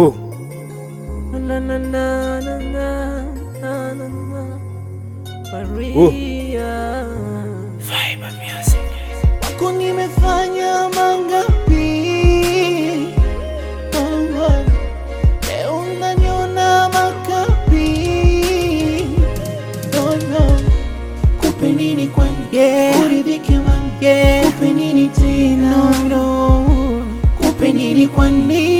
Oh. Kwa nimefanya mangapi? makapi. Kupe nini kwani? Uridhike wangu. Kupe nini tena? Kupe nini kwani?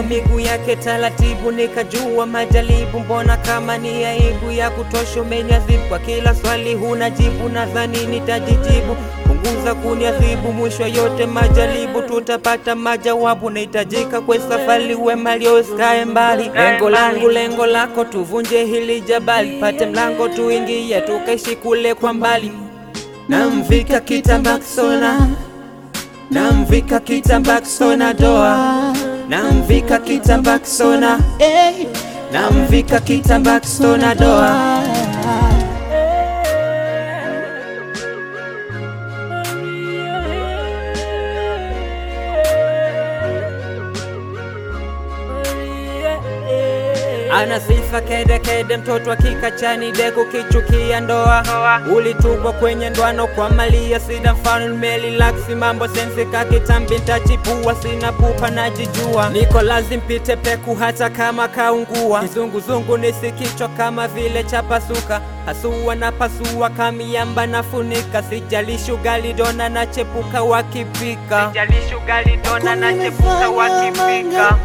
kwa miguu yake taratibu, nikajua majaribu, mbona kama ni aibu ya kutosha. Umeniadhibu kwa kila swali huna jibu, nadhani nitajijibu. Punguza kuniadhibu, mwisho yote majaribu tutapata majawabu. Nahitajika kwe safari, we malio skae mbali, lengo langu lengo lako, tuvunje hili jabali, pate mlango tuingie, tukaishi kule kwa mbali. Namvika kitambaa kisona, namvika kitambaa kisona doa namvika kitambaa kisona, namvika kitambaa kisona doa ana sifa kede kede, mtoto wa kikachani deko kichukia ndoa, ulitupwa kwenye ndwano kwa malia sida mfano nimelilaksi mambo sensi kakitambi ntachipua sina pupa najijua, niko lazim pite peku hata kama kaungua, kizunguzungu nisikichwa kama vile chapasuka hasuwa na pasua kamiamba nafunika, sijalishi ugali dona na chepuka wakipika, sijalishi ugali dona na chepuka wakipika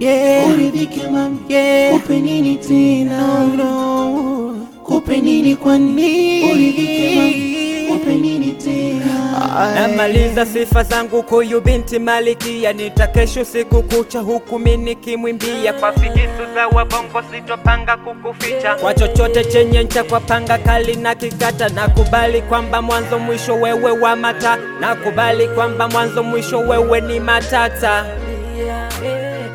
yeah. Uridhike mami yeah. Kupe nini tena no, no. Kupe nini kwa nini? Uridhike mami, kupe nini tena? Namaliza sifa zangu kuyu binti Malikia, nitakesho siku kucha huku mini kimwimbia kwa figisu za wabongo, sitopanga kukuficha kwa chochote chenye ncha, kwa panga kali na kikata. Nakubali kwamba mwanzo mwisho wewe wa mata, nakubali kwamba mwanzo mwisho wewe ni matata.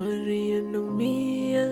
Maria no Mia